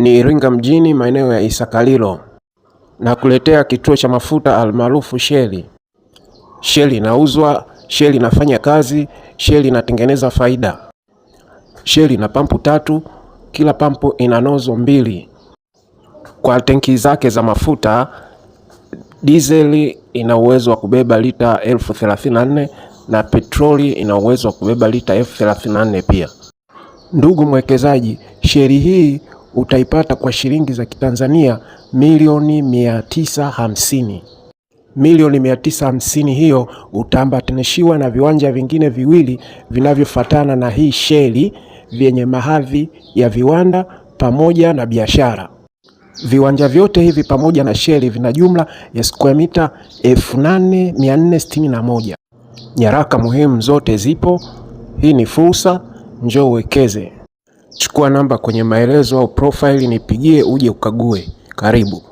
ni Iringa mjini maeneo ya Isakalilo na kuletea kituo cha mafuta almaarufu Shell. Shell inauzwa, Shell inafanya kazi, Shell inatengeneza faida. Shell ina pampu tatu, kila pampu ina nozo mbili kwa tenki zake za mafuta. Diesel ina uwezo wa kubeba lita elfu thelathini na nne na petroli ina uwezo wa kubeba lita elfu thelathini na nne pia. Ndugu mwekezaji, sheli hii utaipata kwa shilingi za Kitanzania milioni mia tisa hamsini milioni mia tisa hamsini hiyo utaambatanishiwa na viwanja vingine viwili vinavyofatana na hii sheli vyenye mahadhi ya viwanda pamoja na biashara. Viwanja vyote hivi pamoja na sheli vina jumla ya square mita moja Nyaraka muhimu zote zipo. Hii ni fursa, njoo uwekeze. Chukua namba kwenye maelezo au profile nipigie uje ukague. Karibu.